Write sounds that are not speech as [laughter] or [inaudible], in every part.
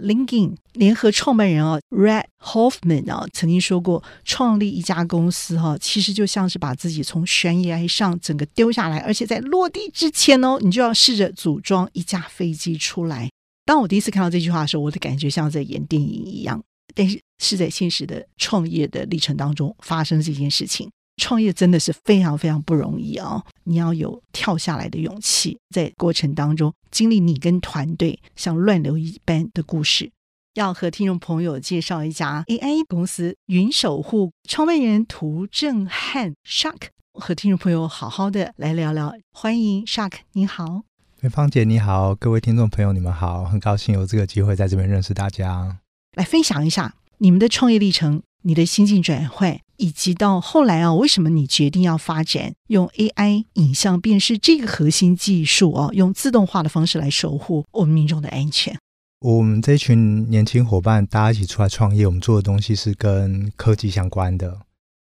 Linkin 聯合創辦人啊，Reid Hoffman 啊，曾經說過，創立一家公司哈、啊，其實就像是把自己從懸崖上整個丟下來，而且在落地之前哦，你就要試着組裝一架飛機出來。當我第一次看到這句話的時候，我的感覺像在演電影一樣，但是是在現實的創業的歷程當中發生這件事情。創業真的是非常非常不容易哦，你要有跳下來的勇氣，在過程當中經歷你跟團隊像亂流一般的故事。要和聽眾朋友介紹一家 AI 公司雲守護創辦人涂正翰 Shark，和聽眾朋友好好的來聊聊。歡迎 Shark，你好，芳姐，你好，各位聽眾朋友你們好，很高興有這個機會在這邊認識大家。來分享一下你們的創業歷程，你的心境轉換。以及到後來啊，為什麼你決定要發展用 AI 影像辨識這個核心技術哦、啊，用自動化的方式來守護我們民眾的安全。我們這群年輕夥伴，大家一起出來創業，我們做的東西是跟科技相關的。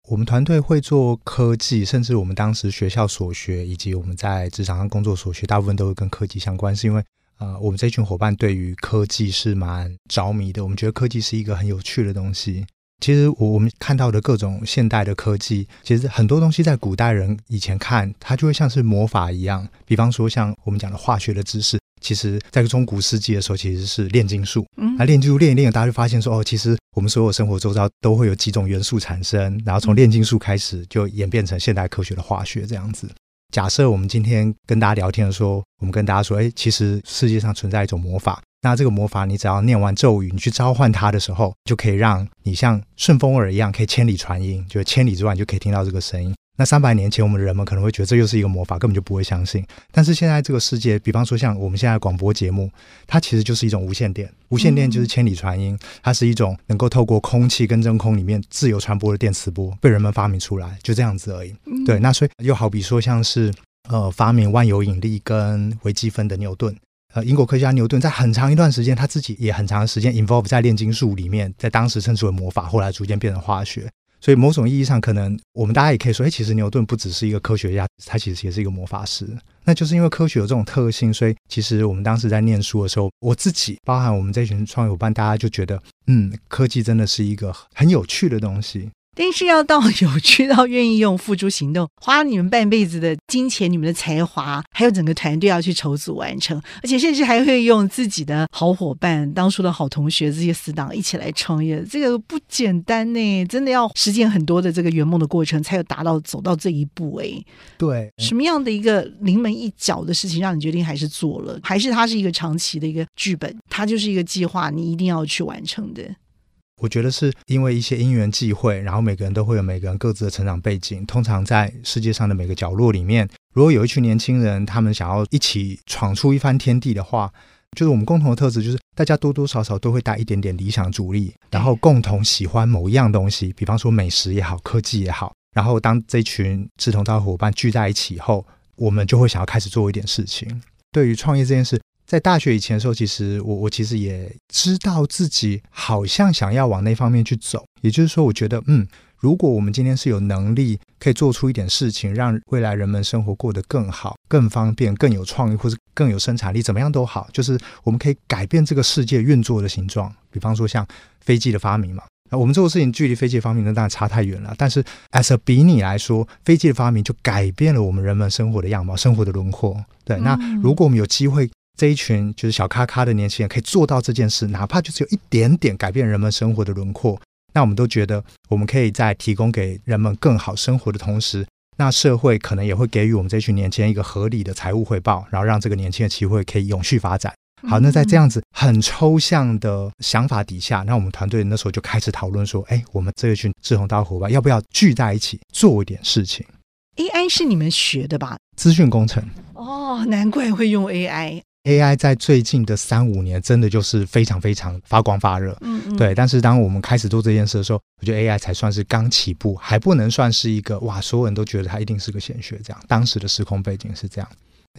我們團隊會做科技，甚至我們當時學校所學，以及我們在職場上工作所學，大部分都會跟科技相關。是因為啊、呃，我們這群夥伴對於科技是蠻着迷的。我們覺得科技是一個很有趣的東西。其實我我們看到的各種現代的科技，其實很多東西在古代人以前看，它就會像是魔法一樣。比方說，像我們講的化學的知識，其實在中古世紀的時候，其實是煉金術。嗯，那煉金術練一練，大家就發現說，哦，其實我們所有生活周遭都會有幾種元素產生，然後從煉金術開始就演變成現代科學的化學這樣子。假設我們今天跟大家聊天的時候，我們跟大家說，哎，其實世界上存在一種魔法。那這個魔法，你只要念完咒語，你去召喚它的時候，就可以讓你像順風耳一樣，可以千里傳音，就是千里之外你就可以聽到這個聲音。那三百年前，我們人們可能會覺得，這又是一個魔法，根本就不會相信。但是現在這個世界，比方說像我們現在廣播節目，它其實就是一種無線電。無線電就是千里傳音，嗯嗯。它是一種能夠透過空氣跟真空裡面自由傳播的電磁波，被人們發明出來，就這樣子而已。嗯嗯。對，那所以又好比說像是呃發明萬有引力跟微積分的牛頓，呃英國科學家牛頓，在很長一段時間他自己也很長時間 involve 在煉金術裡面，在當時稱之為魔法，後來逐漸變成化學。所以某種意義上，可能我們大家也可以說，哎，其實牛頓不只是一個科學家，他其實也是一個魔法師。那就是因為科學有這種特性，所以其實我們當時在念書的時候，我自己包含我們這群創業夥伴，大家就覺得，嗯，科技真的是一個很有趣的東西。但是要到有趣到願意用付諸行動，花你們半輩子的金錢、你們的才華，還有整個團隊要去籌組完成，而且甚至還會用自己的好夥伴、當初的好同學這些死黨一起來創業，這個不簡單呢、欸！真的要實踐很多的這個圓夢的過程，才有達到走到這一步、欸。哎，對，什麼樣的一個臨門一腳的事情，讓你決定還是做了？還是它是一個長期的一個劇本，它就是一個計劃，你一定要去完成的。我覺得是因為一些因緣際會，然後每個人都會有每個人各自的成長背景。通常在世界上的每個角落裡面，如果有一群年輕人，他們想要一起闖出一番天地的話，就是我們共同的特質，就是大家多多少少都會帶一點點理想主義，然後共同喜歡某一樣東西，比方說美食也好，科技也好。然後當這群志同道合夥伴聚在一起後，我們就會想要開始做一點事情。對於創業這件事，在大學以前的時候，其實我我其實也知道，自己好像想要往那方面去走。也就是說，我覺得，嗯，如果我們今天是有能力，可以做出一點事情，讓未來人們生活過得更好、更方便、更有創意，或是更有生產力，怎麼樣都好，就是我們可以改變這個世界運作的形狀。比方說，像飛機的發明嘛，那我們做的事情距離飛機的發明那當然差太遠了。但是，as a 比擬來說，飛機的發明就改變了我們人們生活的樣貌、生活的輪廓。對，嗯，那如果我們有機會，這一群就是小咖咖的年輕人可以做到這件事，哪怕就只有一點點改變人們生活的輪廓，那我們都覺得我們可以在提供給人們更好生活的同時，那社會可能也會給予我們這一群年輕人一個合理的財務回報，然後讓這個年輕人的機會可以永續發展。好，那在這樣子很抽象的想法底下，那我們團隊那時候就開始討論說，哎、欸，我們這一群志同道合吧，要不要聚在一起做一點事情？AI 是你們學的吧？資訊工程。哦，oh, 難怪會用 AI。AI 在最近的三五年，真的就是非常非常發光發熱。嗯,嗯，對。但是當我們開始做這件事的時候，我覺得 AI 才算是剛起步，還不能算是一個哇，所有人都覺得它一定是個顯學。這樣，當時的時空背景是這樣。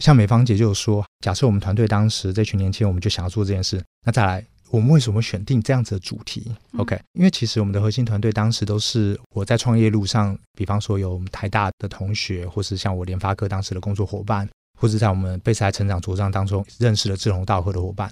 像美方姐就說，假設我們團隊當時這群年輕人，我們就想要做這件事，那再來，我們為什麼選定這樣子的主題？OK，因為其實我們的核心團隊當時都是我在創業路上，比方說有我們台大的同學，或是像我聯發科當時的工作伙伴。或是在我們貝賽成長茁壯當中認識了志同道合的伙伴。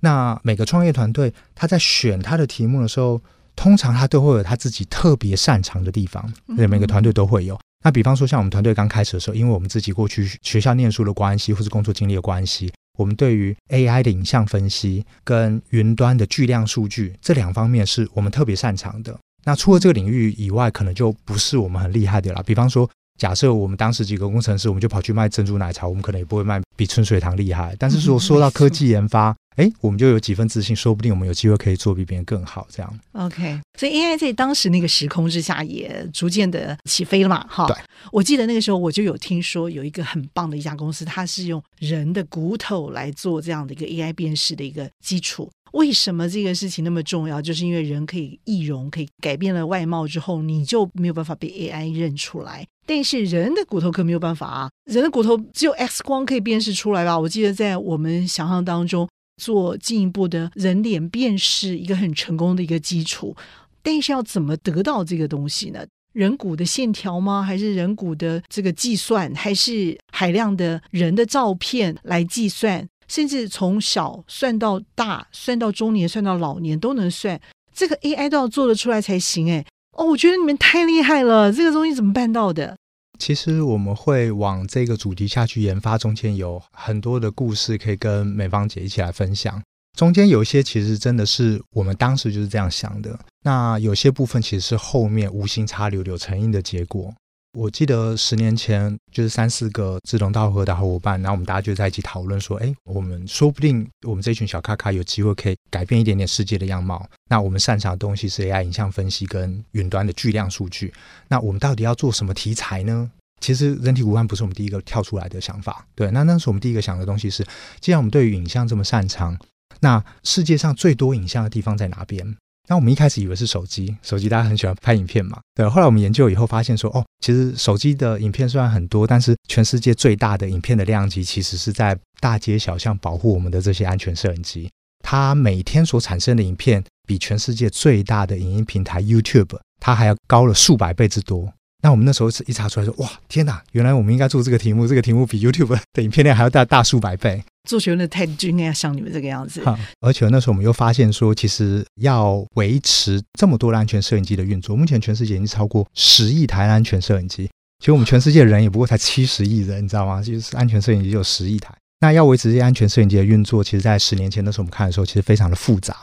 那每個創業團隊他在選他的題目的時候，通常他都會有他自己特別擅長的地方。嗯嗯每個團隊都會有。那比方說，像我們團隊剛開始的時候，因為我們自己過去學校念書的關係，或是工作經歷的關係，我們對於 AI 的影像分析跟雲端的巨量數據這兩方面是我們特別擅長的。那除了這個領域以外，可能就不是我們很厲害的啦。比方說。假設我們當時幾個工程師，我們就跑去賣珍珠奶茶，我們可能也不會賣比春水堂厲害。但是說說到科技研發，哎、嗯，我們就有幾分自信，說不定我們有機會可以做比別人更好這樣。OK，所以 AI 在當時那個時空之下也逐漸的起飛了嘛，哈。對，我記得那個時候我就有聽說有一個很棒的一家公司，它是用人的骨頭來做這樣的一個 AI 辨識的一個基礎。為什麼這個事情那麼重要？就是因為人可以易容，可以改變了外貌之後，你就沒有辦法被 AI 認出來。但是人的骨頭可沒有辦法啊，人的骨頭只有 X 光可以辨識出來吧？我記得在我們想象當中，做進一步的人臉辨識，一個很成功的一個基礎。但是要怎麼得到這個東西呢？人骨的線條嗎？還是人骨的這個計算？還是海量的人的照片來計算？甚至從小算到大，算到中年，算到老年都能算，這個 AI 都要做得出來才行哎、欸。哦，我覺得你們太厲害了，這個東西怎麼辦到的？其實我們會往這個主題下去研發，中間有很多的故事可以跟美芳姐一起來分享。中間有一些其實真的是我們當時就是這樣想的，那有些部分其實是後面無心插柳、柳成蔭的結果。我記得十年前，就是三四個志同道合的好夥伴，然後我們大家就在一起討論說，哎，我們說不定我們這群小咖咖有機會可以改變一點點世界的樣貌。那我們擅長的東西是 AI 影像分析跟雲端的巨量數據。那我們到底要做什麼題材呢？其實人體骨幹不是我們第一個跳出來的想法。對，那那是我們第一個想的東西是，既然我們對於影像這麼擅長，那世界上最多影像的地方在哪邊？那我們一開始以為是手機，手機大家很喜歡拍影片嘛。對，後來我們研究以後發現說，哦，其實手機的影片雖然很多，但是全世界最大的影片的量級其實是在大街小巷保護我們的這些安全攝影機。它每天所產生的影片，比全世界最大的影音平台 YouTube 它還要高了數百倍之多。那我們那時候一查出來說，哇，天哪！原來我們應該做這個題目，這個題目比 YouTube 的影片量還要大大數百倍。做學問的態度就應該像你們這個樣子，嗯。而且那時候我們又發現說，其實要維持這麼多的安全攝影機的運作，目前全世界已經超過十億台的安全攝影機。其實我們全世界人也不過才七十億人，你知道嗎？就是安全攝影機就有十億台。那要維持這些安全攝影機的運作，其實在十年前那時候我們看的時候，其實非常的複雜。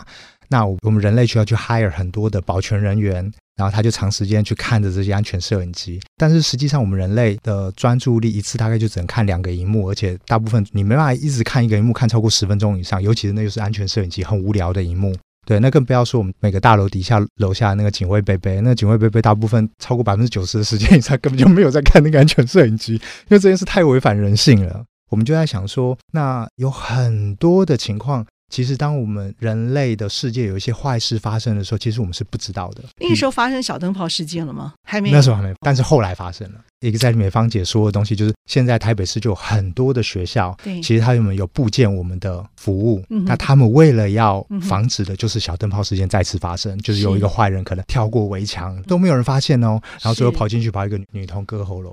那我們人類需要去 hire 很多的保全人員，然後他就長時間去看着這些安全攝影機。但是實際上，我們人類的專注力一次大概就只能看兩個熒幕而且大部分你沒辦法一直看一個熒幕看超過十分鐘以上。尤其是那就是安全攝影機，很無聊的熒幕對，那更不要說我們每個大樓底下樓下那個警衛背背，那警衛背背大部分超過百分之九十的時間以上根本就沒有在看那個安全攝影機，因為這件事太違反人性了。我們就在想說，那有很多的情況。其實，當我們人類的世界有一些壞事發生的時候，其實我們是不知道的。那時候發生小燈泡事件了嗎？還沒有，那時候還沒。但是後來發生了。一個在美方姐說的東西，就是現在台北市就有很多的學校，對其實他們有布建我們的服務。嗯、哼那他們為了要防止的，就是小燈泡事件再次發生，嗯、哼就是有一個壞人可能跳過圍牆是都沒有人發現哦，然後最後跑進去把一個女女童割喉嚨。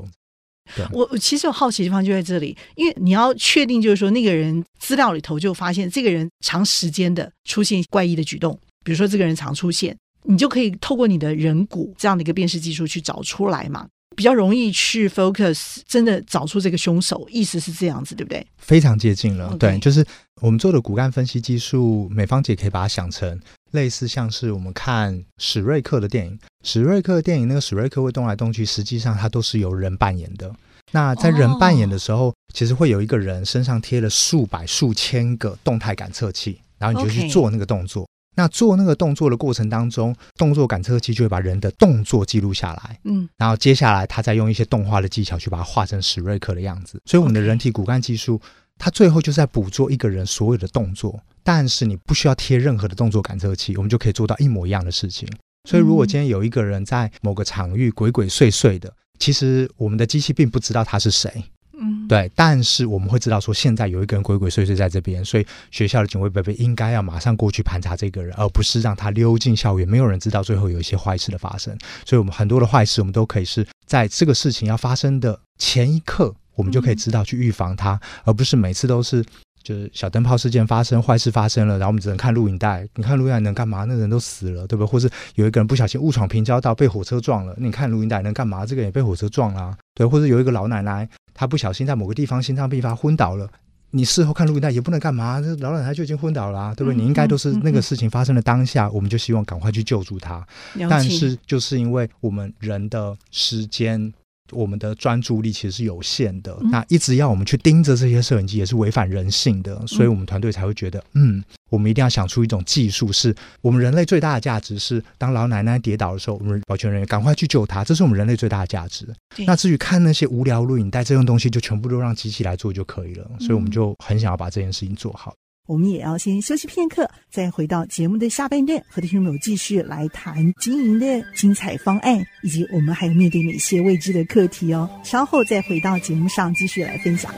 對我我其實有好奇的地方就在這裡，因為你要確定就是說，那個人資料裡頭就發現這個人長時間的出現怪異的舉動，比如說這個人常出現，你就可以透過你的人骨這樣的一個辨識技術去找出來嘛，比較容易去 focus，真的找出這個凶手，意思是這樣子對不對？非常接近了，對，Okay. 就是我們做的骨幹分析技術，美方姐可以把它想成，類似像是我們看史瑞克的電影，史瑞克的電影。那個史瑞克會動來動去，實際上它都是由人扮演的。那在人扮演的時候，其實會有一個人身上貼了數百、數千個動態感測器，然後你就去做那個動作。那做那個動作的過程當中，動作感測器就會把人的動作記錄下來。嗯，然後接下來他再用一些動畫的技巧去把它畫成史瑞克的樣子。所以，我們的人體骨幹技術。他最後就是在捕捉一個人所有的動作，但是你不需要貼任何的動作感測器，我們就可以做到一模一樣的事情。所以，如果今天有一個人在某個場域鬼鬼祟祟的，其實我們的機器並不知道他是誰，嗯，對。但是我們會知道說，現在有一個人鬼鬼祟祟在這邊，所以學校的警衛伯伯應該要馬上過去盤查這個人，而不是讓他溜進校園，沒有人知道最後有一些壞事的發生，所以我們很多的壞事，我們都可以是在這個事情要發生的前一刻。我們就可以知道去預防它，嗯嗯，而不是每次都是就是小燈泡事件發生，壞事發生了，然後我們只能看錄影帶。你看錄影帶能幹嘛？那人都死了，對不對？或是有一個人不小心誤闖平交道被火車撞了，你看錄影帶能幹嘛？這個人也被火車撞了啊，對。或者有一個老奶奶，她不小心在某個地方心臟病發昏倒了，你事後看錄影帶也不能幹嘛？這老奶奶就已經昏倒了啊，對不對？嗯嗯，你應該都是那個事情發生的當下，我們就希望趕快去救助她。了解。但是就是因為我們人的時間。我們的專注力其實是有限的，嗯、那一直要我們去盯着這些攝影機也是違反人性的，嗯、所以我們團隊才會覺得，嗯，我們一定要想出一種技術是，是我們人類最大的價值是當老奶奶跌倒的時候，我們保全人員趕快去救她，這是我們人類最大的價值。對那至於看那些無聊錄影帶這種東西，就全部都讓機器來做就可以了。嗯、所以我們就很想要把這件事情做好。我們也要先休息片刻，再回到節目的下半段，和聽眾朋友繼續來談經營的精彩方案，以及我們還要面對哪些未知的課題哦。稍後再回到節目上繼續來分享。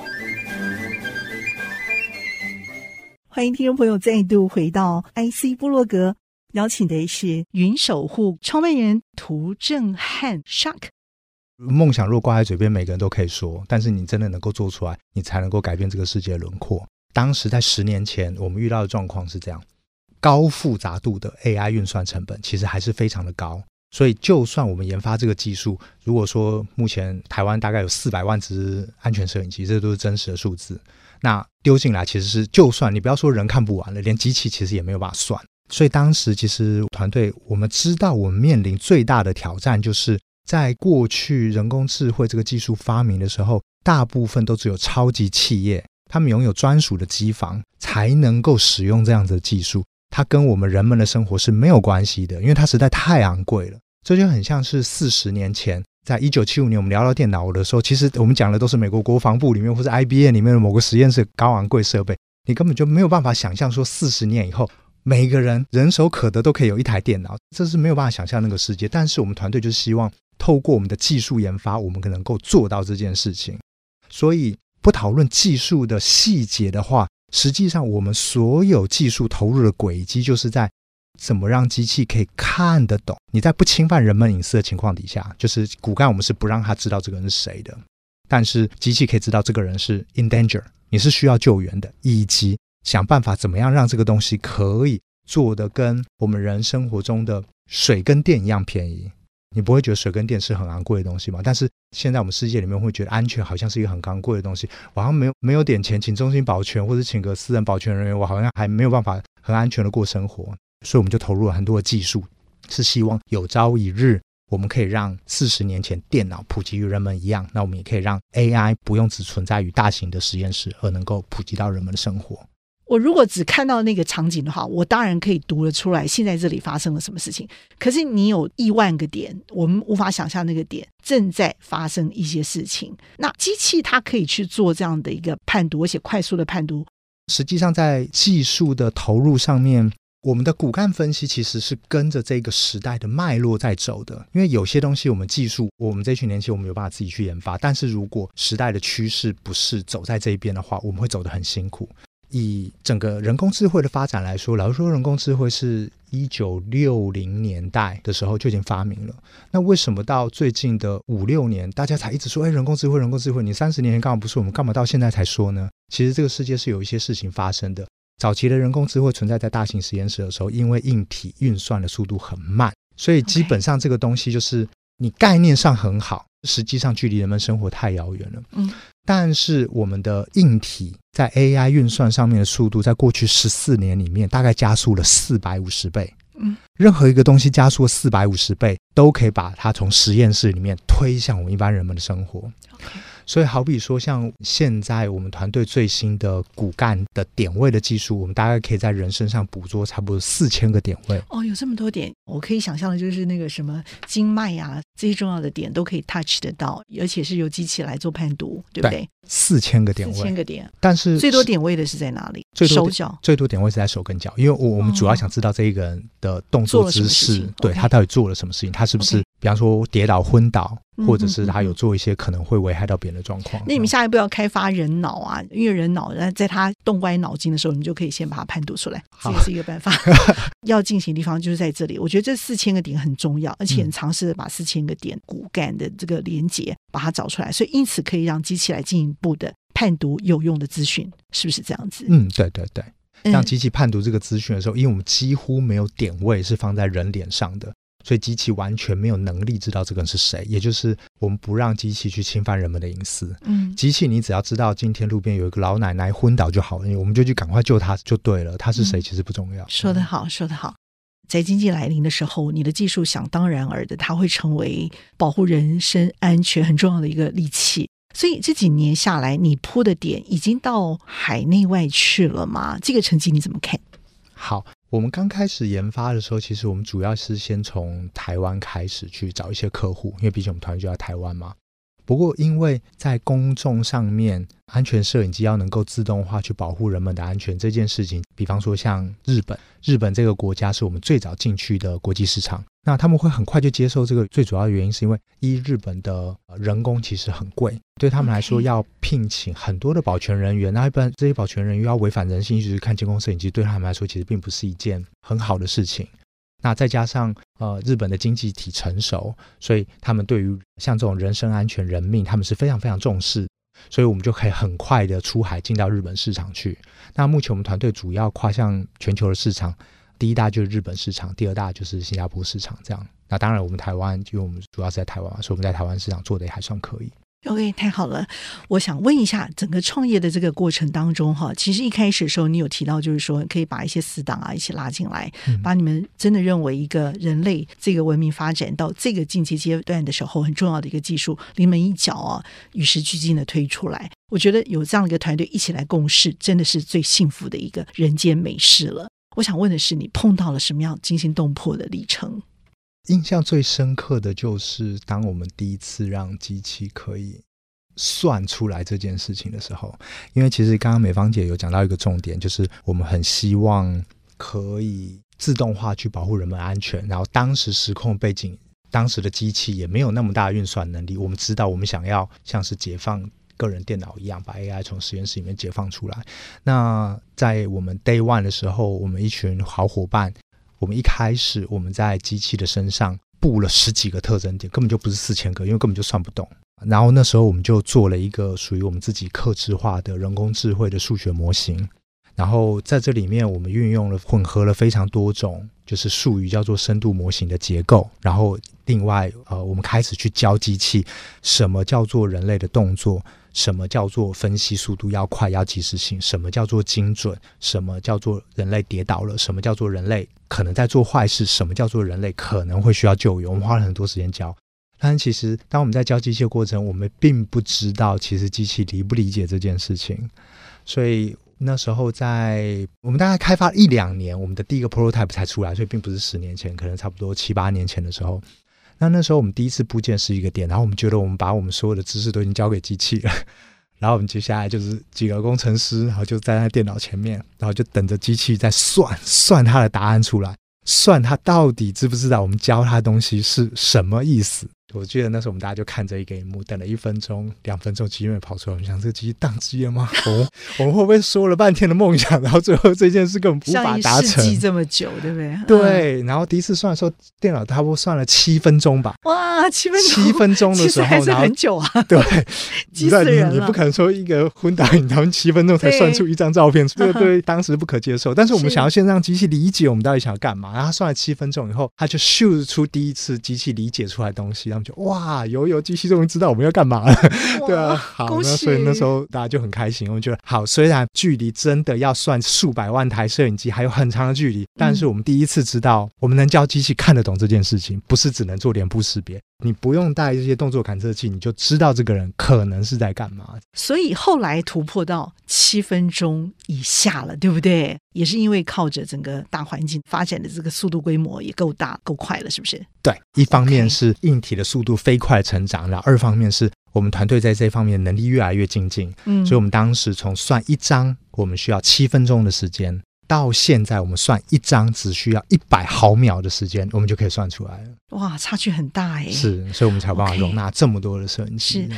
歡迎聽眾朋友再度回到 IC 部落格，邀請的是雲守護創辦人涂正翰 Shark。夢想若掛在嘴邊，每個人都可以說，但是你真的能夠做出來，你才能夠改變這個世界的輪廓。當時在十年前，我們遇到的狀況是這樣：高複雜度的 AI 運算成本其實還是非常的高。所以，就算我們研發這個技術，如果說目前台灣大概有四百萬隻安全攝影機，這都是真實的數字。那丟進來其實是，就算你不要說人看不完了，連機器其實也沒有辦法算。所以當時其實團隊我們知道，我們面臨最大的挑戰就是在過去人工智慧這個技術發明的時候，大部分都只有超級企業。他們擁有專屬的機房，才能夠使用這樣子的技術。它跟我們人們的生活是沒有關係的，因為它實在太昂貴了。這就很像是四十年前，在一九七五年我們聊到電腦的時候，其實我們講的都是美國國防部裡面或是 IBM 裡面的某個實驗室的高昂貴設備，你根本就沒有辦法想象說四十年以後，每個人人手可得都可以有一台電腦，這是沒有辦法想象的那個世界。但是我們團隊就是希望透過我們的技術研發，我們能夠做到這件事情，所以。不討論技術的細節的話，實際上我們所有技術投入的軌跡，就是在怎麼讓機器可以看得懂。你在不侵犯人們隱私的情況底下，就是骨幹我們是不讓他知道這個人是誰的，但是機器可以知道這個人是 in danger，你是需要救援的，以及想辦法怎麼樣讓這個東西可以做得跟我們人生活中的水跟電一樣便宜。你不會覺得水跟電是很昂貴的東西嗎？但是現在我們世界裡面會覺得安全好像是一個很昂貴的東西。我好像沒有沒有點錢請中興保全或者請個私人保全人員，我好像還沒有辦法很安全的過生活。所以我們就投入了很多的技術，是希望有朝一日我們可以讓四十年前電腦普及於人們一樣，那我們也可以讓 AI 不用只存在於大型的實驗室，而能夠普及到人們的生活。我如果只看到那個場景的話，我當然可以讀得出來。現在這裡發生了什麼事情？可是你有億萬個點，我們無法想象那個點正在發生一些事情。那機器它可以去做這樣的一個判讀，而且快速的判讀。實際上，在技術的投入上面，我們的骨幹分析其實是跟着這個時代的脈絡在走的。因為有些東西，我們技術，我們這群年輕人我們有辦法自己去研發。但是如果時代的趨勢不是走在這一邊的話，我們會走得很辛苦。以整個人工智慧的發展來說，老實說，人工智慧是一九六零年代的時候就已經發明了。那為什麼到最近的五六年，大家才一直說，哎，人工智慧，人工智慧？你三十年前幹嘛不說？我們幹嘛到現在才說呢？其實這個世界是有一些事情發生的。早期的人工智慧存在在大型實驗室的時候，因為硬體運算的速度很慢，所以基本上這個東西就是你概念上很好。實際上距離人們生活太遙遠了。嗯，但是我們的硬體在 AI 運算上面的速度，在過去十四年裡面，大概加速了四百五十倍。嗯，任何一個東西加速四百五十倍，都可以把它從實驗室裡面推向我們一般人們的生活。Okay. 所以，好比說，像現在我們團隊最新的骨幹的點位的技術，我們大概可以在人身上捕捉差不多四千個點位。哦，有這麼多點，我可以想象的就是那個什麼經脈呀、啊，這些重要的點都可以 touch 得到，而且是由機器來做判讀，對不對？四千個點位，四千個點，但是最多點位的是在哪裡？手腳，最多點位是在手跟腳，因為我我們主要想知道這一個人的動作、哦、姿勢，對 Okay. 他到底做了什麼事情，他是不是？Okay. 比方說跌倒、昏倒，嗯、哼哼或者是他有做一些可能會危害到別人的狀況。那你們下一步要開發人腦啊？嗯、因為人腦在在他動歪腦筋的時候，你就可以先把它判讀出來，好這是一個辦法。 [laughs] 要進行的地方就是在這裡。我覺得這四千個點很重要，而且嘗試着把四千個點骨幹的這個連接把它找出來，嗯、所以因此可以讓機器來進一步的判讀有用的資訊，是不是這樣子？嗯，對對對。讓機器判讀這個資訊的時候，嗯、因為我們幾乎沒有點位是放在人臉上的。所以機器完全沒有能力知道這個人是誰，也就是我們不讓機器去侵犯人們的隱私。嗯，機器你只要知道今天路邊有一個老奶奶昏倒就好了，我們就去趕快救她就對了。他是誰其實不重要。嗯，說得好，說得好。在經濟來臨的時候，你的技術想當然耳的，它會成為保護人身安全很重要的一個利器。所以這幾年下來，你鋪的點已經到海內外去了嗎？這個成績你怎麼看？好。我們剛開始研發的時候，其實我們主要是先從台灣開始去找一些客戶，因為畢竟我們團隊就在台灣嘛。不過，因為在公眾上面，安全攝影機要能夠自動化去保護人們的安全這件事情，比方說像日本，日本這個國家是我們最早進去的國際市場，那他們會很快就接受這個。最主要原因是因為一日本的人工其實很貴，對他們來說要聘請很多的保全人員，那一般這些保全人員要違反人性就是看監控攝影機，對他們來說其實並不是一件很好的事情。那再加上呃日本的經濟體成熟，所以他們對於像這種人身安全、人命，他們是非常非常重視，所以我們就可以很快的出海進到日本市場去。那目前我們團隊主要跨向全球的市場，第一大就是日本市場，第二大就是新加坡市場這樣。那當然我們台灣，因為我們主要是在台灣，所以我們在台灣市場做的也還算可以。OK，太好了！我想問一下，整個創業的這個過程當中，哈，其實一開始的時候，你有提到就是說，可以把一些死黨啊一起拉進來，嗯、把你們真的認為一個人類這個文明發展到這個境界階，階段的時候，很重要的一個技術，臨門一腳啊，與時俱進的推出來。我覺得有這樣的一個團隊一起來共事，真的是最幸福的一個人間美事了。我想問的是，你碰到了什麼樣驚心動魄的歷程？印象最深刻的就是，當我們第一次讓機器可以算出來這件事情的時候，因為其實剛剛美芳姐有講到一個重點，就是我們很希望可以自動化去保護人們安全。然後當時時空背景，當時的機器也沒有那麼大的運算能力。我們知道，我們想要像是解放個人電腦一樣，把 AI 從實驗室裡面解放出來。那在我們 Day One 的時候，我們一群好伙伴。我們一開始，我們在機器的身上布了十幾個特徵點，根本就不是四千個，因為根本就算不懂。然後那時候我們就做了一個屬於我們自己客製化的，人工智慧的數學模型。然後在這裡面，我們運用了，混合了非常多種，就是術語叫做深度模型的結構。然後另外呃，我們開始去教機器什麼叫做人類的動作，什麼叫做分析速度要快、要及時性，什麼叫做精準，什麼叫做人類跌倒了，什麼叫做人類。可能在做壞事，什麼叫做人類可能會需要救援？我們花了很多時間教，但是其實當我們在教機器的過程，我們並不知道其實機器理不理解這件事情。所以那時候在我們大概開發一兩年，我們的第一個 prototype 才出來，所以並不是十年前，可能差不多七八年前的時候。那那時候我們第一次部件是一個點，然後我們覺得我們把我們所有的知識都已經交給機器了。然後我們接下來就是幾個工程師，然後就在那電腦前面，然後就等着機器在算，算它的答案出來，算它到底知不知道我們教它的東西是什麼意思。我記得那時候我們大家就看着一個熒幕，等了一分鐘、兩分鐘，機器沒跑出來。我們想，這個機器宕機了嗎？ [laughs] oh, 我們我們會不會說了半天的夢想，然後最後這件事根本無法達成？世紀這麼久，對不對？對。嗯、然後第一次算的時候，電腦差不多算了七分鐘吧。哇，七分鐘！七分鐘的時候，然後還是很久啊，對。急死人了、 [laughs] 啊。你不可能說一個昏倒影，他們七分鐘才算出一張照片，出來。對，當時不可接受。但是我們想要先讓機器理解我們到底想要幹嘛。是然後算了七分鐘以後，他就秀、e、出第一次機器理解出來的東西我們就哇，有有機器終於知道我們要幹嘛了，哇 [laughs] 對啊，好，喜所以那時候大家就很開心。我們覺得好，雖然距離真的要算數百萬台攝影機還有很長的距離，但是我們第一次知道，嗯、我們能教機器看得懂這件事情，不是只能做臉部識別。你不用帶這些動作感測器，你就知道這個人可能是在幹嘛。所以後來突破到七分鐘以下了，對不對？也是因為靠着整個大環境發展的這個速度、規模也夠大、夠快了，是不是？對，一方面是硬體的速度飛快成長，Okay 然後二方面是我們團隊在這方面能力越來越精進。嗯，所以我們當時從算一張，我們需要七分鐘的時間。到現在，我們算一張只需要一百毫秒的時間，我們就可以算出來了。哇，差距很大哎！是，所以我們才有辦法容納這麼多的攝影機。Okay.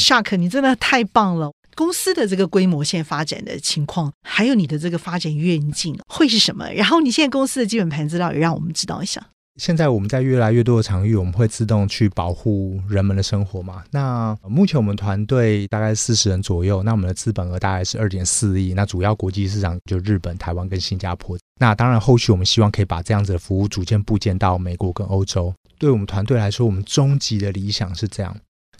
是，Shark，你真的太棒了！公司的這個規模現在發展的情況，還有你的這個發展願景會是什麼？然後你現在公司的基本盤資料也讓我們知道一下。現在我們在越來越多的場域，我們會自動去保護人們的生活嘛？那目前我們團隊大概四十人左右，那我們的資本額大概是二點四億。那主要國際市場就日本、台灣跟新加坡。那當然，後續我們希望可以把這樣子的服務逐漸佈建到美國跟歐洲。對我們團隊來說，我們終極的理想是這樣。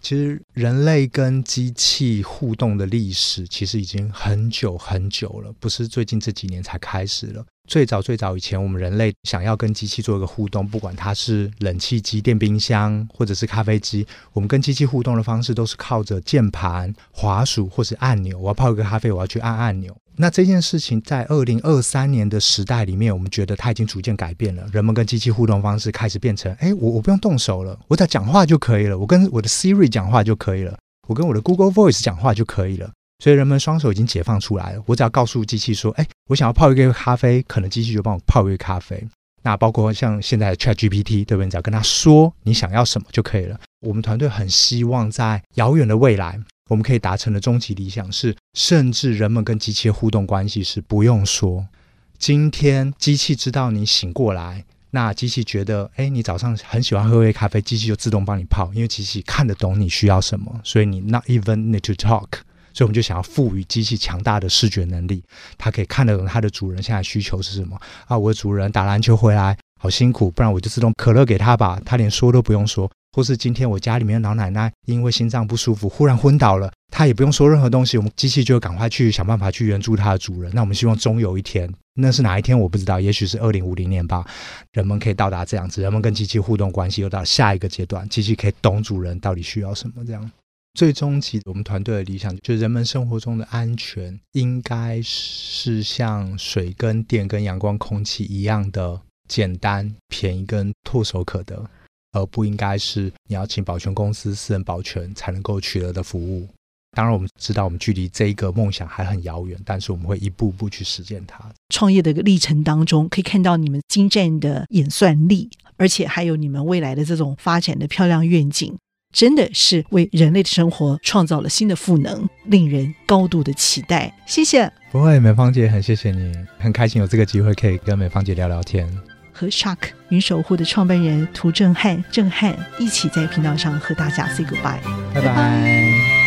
其實人類跟機器互動的歷史其實已經很久很久了，不是最近這幾年才開始了。最早最早以前，我們人類想要跟機器做一個互動，不管它是冷氣機、電冰箱，或者是咖啡機，我們跟機器互動的方式都是靠着鍵盤、滑鼠或是按鈕。我要泡一個咖啡，我要去按按鈕。那這件事情在二零二三年的時代裡面，我們覺得它已經逐漸改變了人們跟機器互動方式，開始變成：哎，我我不用動手了，我只要講話就可以了，我跟我的 Siri 講話就可以了，我跟我的 Google Voice 講話就可以了。所以人們雙手已經解放出來了，我只要告訴機器說：哎，我想要泡一個咖啡，可能機器就幫我泡一杯咖啡。那包括像現在的 Chat GPT，對不對？你只要跟他說你想要什麼就可以了。我們團隊很希望在遙遠的未來，我們可以達成的終極理想是，甚至人們跟機器的互動關係是：不用說。今天機器知道你醒過來，那機器覺得，誒，你早上很喜歡喝杯咖啡，機器就自動幫你泡，因為機器看得懂你需要什麼，所以你 not even need to talk。所以我們就想要賦予機器強大的視覺能力，它可以看得懂它的主人現在需求是什麼。啊，我的主人打籃球回來好辛苦，不然我就自動可樂給他吧，他連說都不用說。或是今天我家裡面的老奶奶因為心臟不舒服忽然昏倒了，她也不用說任何東西，我們機器就趕快去想辦法去援助她的主人。那我們希望終有一天，那是哪一天我不知道，也許是二零五零年吧，人們可以到達這樣子，人們跟機器互動關係又到下一個階段，機器可以懂主人到底需要什麼。這樣，最終其實我們團隊的理想就是人們生活中的安全應該是像水跟電跟陽光空氣一樣的簡單、便宜跟唾手可得。而不應該是你要請保全公司、私人保全才能夠取得的服務。當然，我們知道我們距離這一個夢想還很遙遠，但是我們會一步步去實踐它。創業的歷程當中，可以看到你們精湛的演算力，而且還有你們未來的這種發展的漂亮願景，真的是為人類的生活創造了新的賦能，令人高度的期待。謝謝。不會，美芳姐，很謝謝你，很開心有這個機會可以跟美芳姐聊聊天。和 Shark 雲守護的創辦人涂正翰、正翰一起在頻道上和大家 say goodbye，拜拜。Bye bye